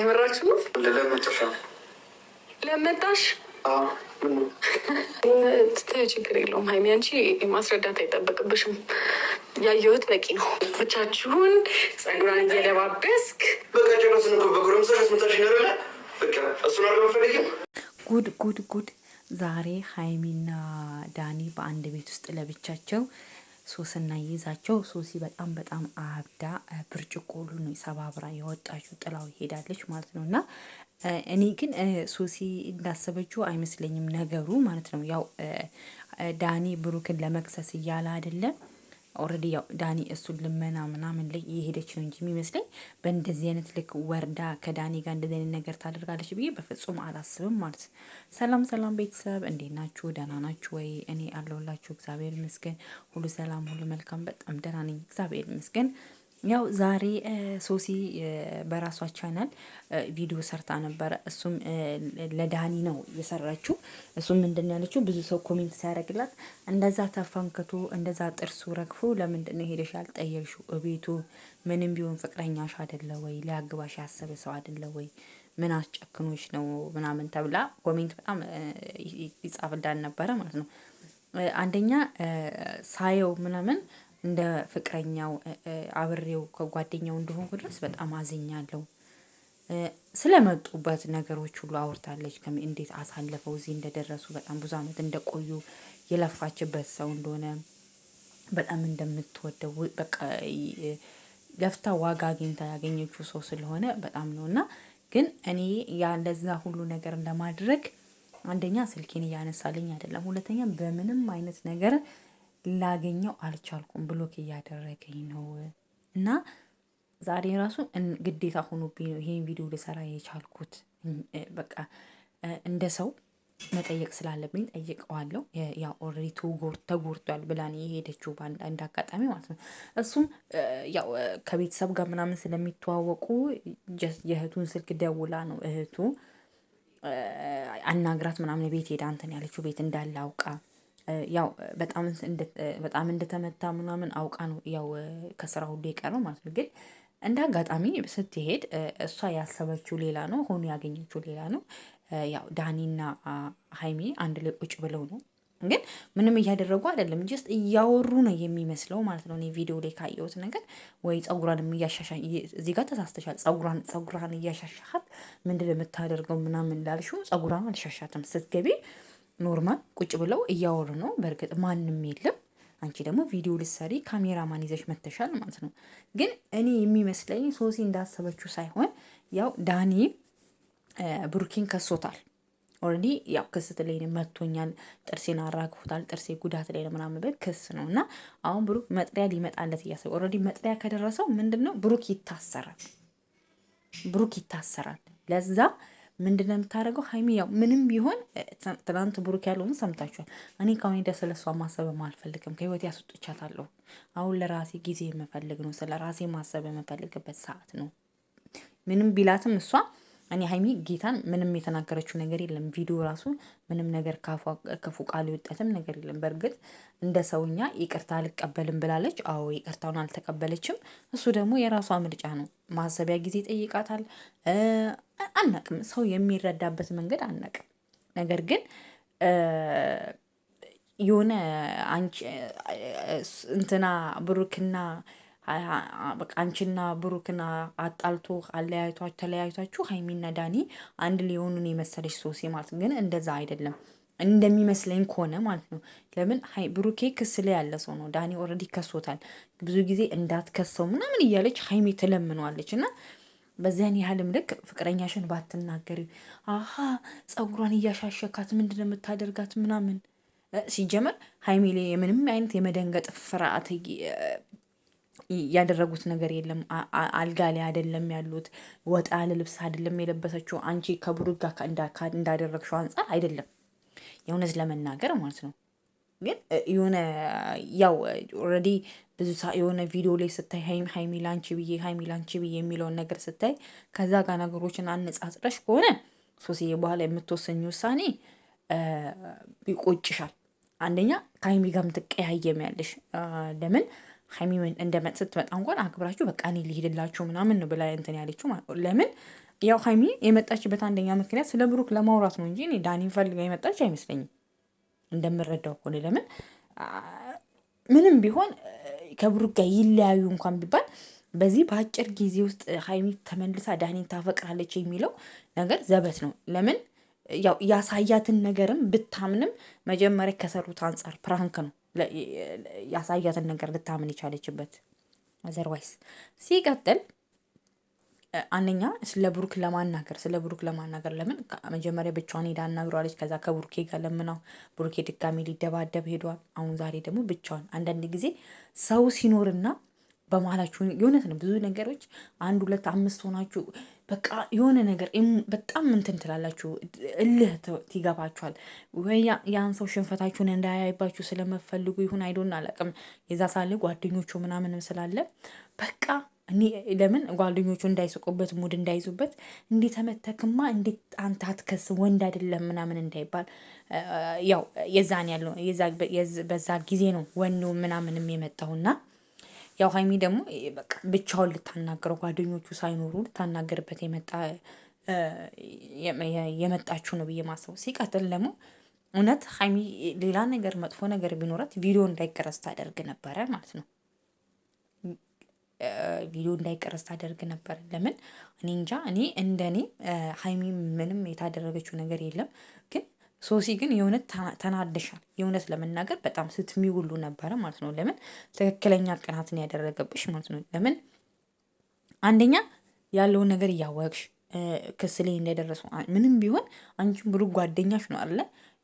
የምራችሁ ነው። ለመጣሽ ችግር የለውም ሀይሚ፣ አንቺ ማስረዳት አይጠበቅብሽም። ያየሁት በቂ ነው። ብቻችሁን ጸጉራን እየለባበስክ ጉድ ጉድ ጉድ! ዛሬ ሀይሚና ዳኒ በአንድ ቤት ውስጥ ለብቻቸው ሶስና ይዛቸው ሶሲ በጣም በጣም አብዳ ብርጭቆ ሁሉ ነው ሰባብራ የወጣችው ጥላው ይሄዳለች ማለት ነው። እና እኔ ግን ሶሲ እንዳሰበችው አይመስለኝም ነገሩ ማለት ነው። ያው ዳኒ ብሩክን ለመክሰስ እያለ አይደለም ኦልሬዲ ያው ዳኒ እሱን ልመና ምናምን ላይ የሄደች ነው እንጂ የሚመስለኝ በእንደዚህ አይነት ልክ ወርዳ ከዳኒ ጋር እንደዚህ አይነት ነገር ታደርጋለች ብዬ በፍጹም አላስብም ማለት ሰላም ሰላም ቤተሰብ እንዴት ናችሁ? ደህና ናችሁ ወይ? እኔ አለሁላችሁ። እግዚአብሔር ይመስገን፣ ሁሉ ሰላም፣ ሁሉ መልካም፣ በጣም ደህና ነኝ፣ እግዚአብሔር ይመስገን። ያው ዛሬ ሶሲ በራሷ ቻናል ቪዲዮ ሰርታ ነበረ። እሱም ለዳኒ ነው የሰራችው። እሱም ምንድን ያለችው ብዙ ሰው ኮሜንት ሲያደርግላት እንደዛ ተፈንክቶ እንደዛ ጥርሱ ረግፎ ለምንድን ነው ሄደሽ ያልጠየቅሽው? እቤቱ ምንም ቢሆን ፍቅረኛሽ አይደለ ወይ? ሊያግባሽ ያሰበ ሰው አይደለ ወይ? ምን አስጨክኖች ነው ምናምን ተብላ ኮሜንት በጣም ይጻፍ ነበረ ማለት ነው። አንደኛ ሳየው ምናምን እንደ ፍቅረኛው አብሬው ከጓደኛው እንደሆንኩ ድረስ በጣም አዝኛለሁ። ስለመጡበት ነገሮች ሁሉ አውርታለች። እንዴት አሳለፈው እዚህ እንደደረሱ በጣም ብዙ አመት እንደቆዩ የለፋችበት ሰው እንደሆነ በጣም እንደምትወደው በቃ ለፍታ ዋጋ አግኝታ ያገኘችው ሰው ስለሆነ በጣም ነው እና ግን እኔ ያለዛ ሁሉ ነገር ለማድረግ አንደኛ ስልኬን እያነሳልኝ አይደለም፣ ሁለተኛ በምንም አይነት ነገር ላገኘው አልቻልኩም ብሎክ እያደረገኝ ነው። እና ዛሬ ራሱ ግዴታ ሆኖብኝ ነው ይሄን ቪዲዮ ልሰራ የቻልኩት። በቃ እንደ ሰው መጠየቅ ስላለብኝ ጠይቀዋለሁ። ያው ኦልሬዲ ተጎርቷል ብላን የሄደችው እንደ አጋጣሚ ማለት ነው። እሱም ያው ከቤተሰብ ጋር ምናምን ስለሚተዋወቁ የእህቱን ስልክ ደውላ ነው እህቱ አናግራት ምናምን ቤት ሄዳ እንትን ያለችው ቤት እንዳለ አውቃ ያው በጣም እንደተመታ ምናምን አውቃ ነው ያው ከስራ ሁሉ የቀረው ማለት ነው። ግን እንደ አጋጣሚ ስትሄድ እሷ ያሰበችው ሌላ ነው ሆኖ ያገኘችው ሌላ ነው። ያው ዳኒና ሀይሚ አንድ ላይ ቁጭ ብለው ነው ግን ምንም እያደረጉ አይደለም ጀስት እያወሩ ነው የሚመስለው ማለት ነው። እኔ ቪዲዮ ላይ ካየሁት ነገር ወይ ፀጉሯንም እያሻሻ እዚህ ጋር ተሳስተሻል። ፀጉሯን ፀጉሯን እያሻሻሃት ምንድን የምታደርገው ምናምን ላልሽው ፀጉሯን አልሻሻትም ስትገቢ ኖርማል ቁጭ ብለው እያወሩ ነው። በእርግጥ ማንም የለም። አንቺ ደግሞ ቪዲዮ ልትሰሪ ካሜራማን ይዘሽ መተሻል ማለት ነው። ግን እኔ የሚመስለኝ ሶሲ እንዳሰበችው ሳይሆን ያው ዳኒ ብሩኪን ከሶታል። ኦልሬዲ ያው ክስት ላይ መጥቶኛል፣ ጥርሴን አራግፎታል፣ ጥርሴ ጉዳት ላይ ምናምን በት ክስ ነው እና አሁን ብሩክ መጥሪያ ሊመጣለት እያሰበ ኦልሬዲ መጥሪያ ከደረሰው ምንድን ነው ብሩክ ይታሰራል፣ ብሩክ ይታሰራል ለዛ ምንድን ነው የምታደርገው? ሀይሚ ያው ምንም ቢሆን ትናንት ብሩክ ያለውን ሰምታችኋል። እኔ ከአሁን ሄዳ ስለ እሷ ማሰብም አልፈልግም። ከህይወት ያስወጥቻታለሁ። አሁን ለራሴ ጊዜ የምፈልግ ነው። ስለ ራሴ ማሰብ የምፈልግበት ሰዓት ነው። ምንም ቢላትም እሷ እኔ ሀይሚ ጌታን ምንም የተናገረችው ነገር የለም። ቪዲዮ ራሱ ምንም ነገር ክፉ ቃል የወጣትም ነገር የለም። በእርግጥ እንደ ሰውኛ ይቅርታ አልቀበልም ብላለች። አዎ ይቅርታውን አልተቀበለችም። እሱ ደግሞ የራሷ ምርጫ ነው። ማሰቢያ ጊዜ ጠይቃታል። አናቅም፣ ሰው የሚረዳበት መንገድ አናቅም። ነገር ግን የሆነ አንቺ እንትና ብሩክና በቃ አንቺና ብሩክን አጣልቶ አለያይቷችሁ ተለያይቷችሁ ሀይሚና ዳኒ አንድ ሊሆኑን የመሰለች ሶሲ ማለት ግን እንደዛ አይደለም እንደሚመስለኝ ከሆነ ማለት ነው። ለምን ብሩኬ ክስ ላይ ያለ ሰው ነው። ዳኒ ኦልሬዲ ከሶታል። ብዙ ጊዜ እንዳትከሰው ምናምን እያለች ሀይሚ ትለምነዋለች እና በዚያን ያህልም ልክ ፍቅረኛሽን ባትናገሪ አሀ ጸጉሯን እያሻሸካት ምንድን ነው የምታደርጋት ምናምን ሲጀመር ሀይሚ ላይ የምንም አይነት የመደንገጥ ፍርሃት ያደረጉት ነገር የለም። አልጋ ላይ አይደለም ያሉት፣ ወጣ ያለ ልብስ አይደለም የለበሰችው። አንቺ ከብሩክ ጋር እንዳደረግሽው አንጻር አይደለም የእውነት ለመናገር ማለት ነው። ግን የሆነ ያው ኦልሬዲ ብዙ የሆነ ቪዲዮ ላይ ስታይ ሀይሚ ላንቺ ብዬ ሀይሚ ላንቺ ብዬ የሚለውን ነገር ስታይ ከዛ ጋር ነገሮችን አነጻጽረሽ ከሆነ ሶስዬ በኋላ የምትወሰኝ ውሳኔ ይቆጭሻል። አንደኛ ከሀይሚ ጋር ምትቀያየም ያለሽ ለምን ሀይሚ እንደመጥ ስትመጣ እንኳን አክብራችሁ በቃ እኔ ሊሄድላችሁ ምናምን ነው ብላ እንትን ያለችው ማለት ነው። ለምን ያው ሀይሚ የመጣችበት አንደኛ ምክንያት ስለ ብሩክ ለማውራት ነው እንጂ እኔ ዳኒን ፈልጋ የመጣች አይመስለኝም እንደምረዳው ከሆነ ለምን ምንም ቢሆን ከብሩክ ጋር ይለያዩ እንኳን ቢባል በዚህ በአጭር ጊዜ ውስጥ ሀይሚ ተመልሳ ዳኒን ታፈቅራለች የሚለው ነገር ዘበት ነው። ለምን ያው ያሳያትን ነገርም ብታምንም መጀመሪያ ከሰሩት አንጻር ፕራንክ ነው ያሳያትን ነገር ልታምን የቻለችበት። አዘርዋይስ ሲቀጥል አንደኛ ስለ ብሩክ ለማናገር ስለ ብሩክ ለማናገር ለምን መጀመሪያ ብቻዋን ሄዳ አናግሯለች። ከዛ ከብሩኬ ጋር ለምናው ብሩኬ ድጋሚ ሊደባደብ ሄዷል። አሁን ዛሬ ደግሞ ብቻዋን። አንዳንድ ጊዜ ሰው ሲኖርና በማላችሁ የእውነት ነው ብዙ ነገሮች አንድ ሁለት አምስት ሆናችሁ በቃ የሆነ ነገር በጣም እንትን ትላላችሁ፣ እልህ ይገባችኋል። ወይ ያን ሰው ሽንፈታችሁን እንዳያይባችሁ ስለመፈልጉ ይሁን አይዶን አላውቅም። የዛ ሳለ ጓደኞቹ ምናምንም ስላለ በቃ እኔ ለምን ጓደኞቹ እንዳይስቁበት ሙድ እንዳይዙበት እንዴት ተመተክማ እንዴት አንተ አትከስ ወንድ አይደለም ምናምን እንዳይባል ያው የዛን ያለው በዛ ጊዜ ነው ወንዱ ምናምን የመጣውና ያው ሀይሚ ደግሞ በቃ ብቻውን ልታናገረው ጓደኞቹ ሳይኖሩ ልታናገርበት የመጣችው ነው ብዬ ማስበው። ሲቀጥል ደግሞ እውነት ሀይሚ ሌላ ነገር መጥፎ ነገር ቢኖራት ቪዲዮ እንዳይቀረስ ታደርግ ነበረ ማለት ነው። ቪዲዮ እንዳይቀረስ ታደርግ ነበር። ለምን እኔ እንጃ። እኔ እንደኔ ሀይሚ ምንም የታደረገችው ነገር የለም ግን ሶሲ ግን የእውነት ተናደሻል። የእውነት ለመናገር በጣም ስትሚውሉ ነበረ ማለት ነው። ለምን ትክክለኛ ቅናትን ያደረገብሽ ማለት ነው። ለምን አንደኛ ያለውን ነገር እያወቅሽ ክስ ላይ እንደደረሱ ምንም ቢሆን አንቺም ብሩክ ጓደኛሽ ነው አለ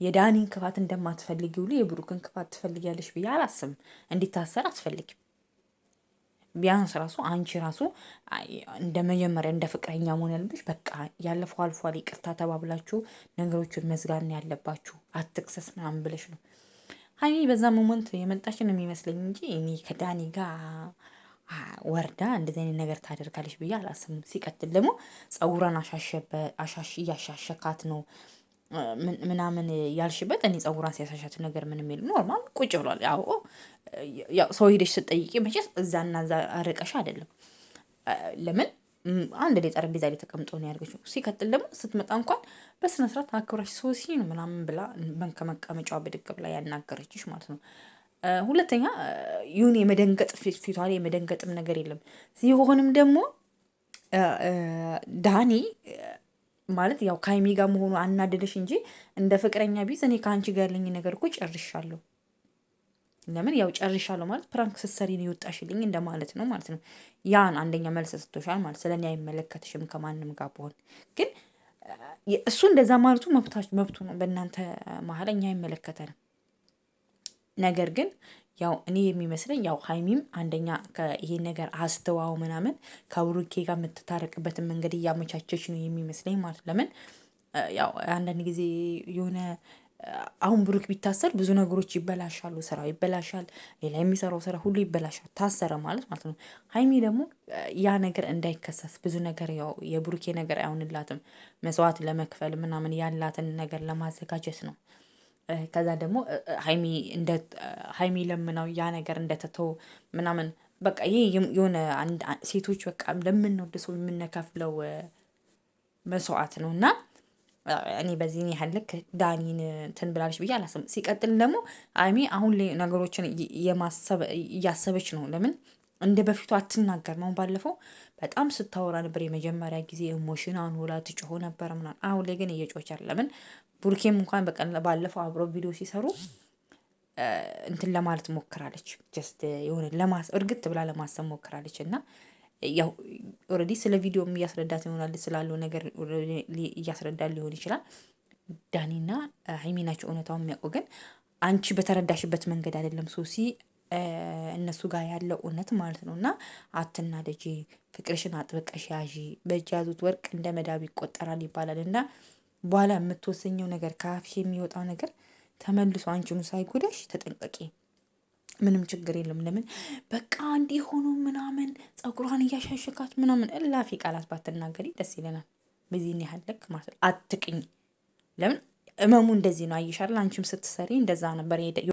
የዳኒን ክፋት እንደማትፈልጊ ሁሉ የብሩክን ክፋት ትፈልጊያለሽ ብዬ አላስብም። እንዲታሰር አትፈልጊም። ቢያንስ ራሱ አንቺ ራሱ እንደ መጀመሪያ እንደ ፍቅረኛ መሆን ያለብሽ በቃ ያለፈው አልፏል፣ ይቅርታ ተባብላችሁ ነገሮችን መዝጋን ያለባችሁ። አትክሰስ ምናምን ብለሽ ነው ሀይሚ በዛ ሞመንት የመጣሽን የሚመስለኝ እንጂ እኔ ከዳኒ ጋር ወርዳ እንደዚህ አይነት ነገር ታደርጋለች ብዬ አላስብም። ሲቀጥል ደግሞ ጸጉሯን አሻሽ እያሻሸካት ነው ምናምን ያልሽበት እኔ ጸጉሯን ሲያሳሻት ነገር ምን የሚል ኖርማል ቁጭ ብሏል። ያው ሰው ሄደሽ ስጠይቂ መቼስ እዛና እዛ ርቀሽ አይደለም። ለምን አንድ ላይ ጠረጴዛ ላይ ተቀምጦ ነው ያደርገችው። ሲቀጥል ደግሞ ስትመጣ እንኳን በስነ ስርዓት አክብራሽ ሶሲ ነው ምናምን ብላ ከመቀመጫዋ ብድግ ብላ ያናገረችሽ ማለት ነው። ሁለተኛ ይሁን የመደንገጥ ፊቷ ላይ የመደንገጥም ነገር የለም። ሲሆንም ደግሞ ዳኒ ማለት ያው ከሀይሚ ጋር መሆኑ አናደደሽ እንጂ እንደ ፍቅረኛ ቢዝ እኔ ከአንቺ ጋር ያለኝ ነገር እኮ ጨርሻለሁ። ለምን ያው ጨርሻለሁ ማለት ፕራንክ ስትሰሪ ነው የወጣሽልኝ ማለት ነው ማለት ነው። ያን አንደኛ መልስ ሰጥቶሻል ማለት ስለ እኔ አይመለከትሽም ከማንም ጋር ብሆን ግን እሱ እንደዛ ማለቱ መብቱ ነው። በእናንተ መሀል እኛ አይመለከተንም ነገር ግን ያው እኔ የሚመስለኝ ያው ሀይሚም አንደኛ ይሄ ነገር አስተዋው ምናምን ከብሩኬ ጋር የምትታረቅበትን መንገድ እያመቻቸች ነው የሚመስለኝ ማለት ለምን ያው አንዳንድ ጊዜ የሆነ አሁን ብሩክ ቢታሰር ብዙ ነገሮች ይበላሻሉ። ስራው ይበላሻል፣ ሌላ የሚሰራው ስራ ሁሉ ይበላሻል። ታሰረ ማለት ማለት ነው። ሀይሚ ደግሞ ያ ነገር እንዳይከሰት ብዙ ነገር ያው የብሩኬ ነገር አይሆንላትም መስዋዕት ለመክፈል ምናምን ያላትን ነገር ለማዘጋጀት ነው ከዛ ደግሞ ሀይሚ እንደ ሀይሚ ለምናው ያ ነገር እንደተተው ምናምን በቃ ይህ የሆነ ሴቶች በቃ ለምንወድ ሰው የምንከፍለው መስዋዕት ነው እና እኔ በዚህ ያህል ልክ ዳኒን እንትን ብላለች ብዬ አላስብም። ሲቀጥል ደግሞ ሀይሚ አሁን ነገሮችን እያሰበች ነው ለምን እንደ በፊቱ አትናገርም። አሁን ባለፈው በጣም ስታወራ ነበር። የመጀመሪያ ጊዜ ኢሞሽናን ሆላ ትጮሆ ነበር ምናምን። አሁን ላይ ግን እየጮች አለምን ቡርኬም እንኳን ባለፈው አብሮ ቪዲዮ ሲሰሩ እንትን ለማለት ሞክራለች። ጀስት የሆነ እርግጥ ብላ ለማሰብ ሞክራለች። እና ያው ኦልሬዲ ስለ ቪዲዮም እያስረዳት ይሆናል ስላለው ነገር እያስረዳ ሊሆን ይችላል። ዳኒና ሀይሚ ናቸው እውነታውን የሚያውቁ ግን አንቺ በተረዳሽበት መንገድ አይደለም ሶሲ እነሱ ጋር ያለው እውነት ማለት ነው። እና አትናደጂ ፍቅርሽን አጥብቀሽ ያዢ በእጅ ያዙት ወርቅ እንደ መዳብ ይቆጠራል ይባላል። እና በኋላ የምትወሰኘው ነገር ከአፍሽ የሚወጣው ነገር ተመልሶ አንቺኑ ሳይጎዳሽ ተጠንቀቂ። ምንም ችግር የለም። ለምን በቃ እንዲህ ሆኖ ምናምን ፀጉሯን እያሻሸካት ምናምን እላፊ ቃላት ባትናገሪ ደስ ይለናል። በዚህን ያህል ልክ ማለት አትቅኝ። ለምን እመሙ እንደዚህ ነው። አይሻል አንቺም ስትሰሪ እንደዛ ነበር።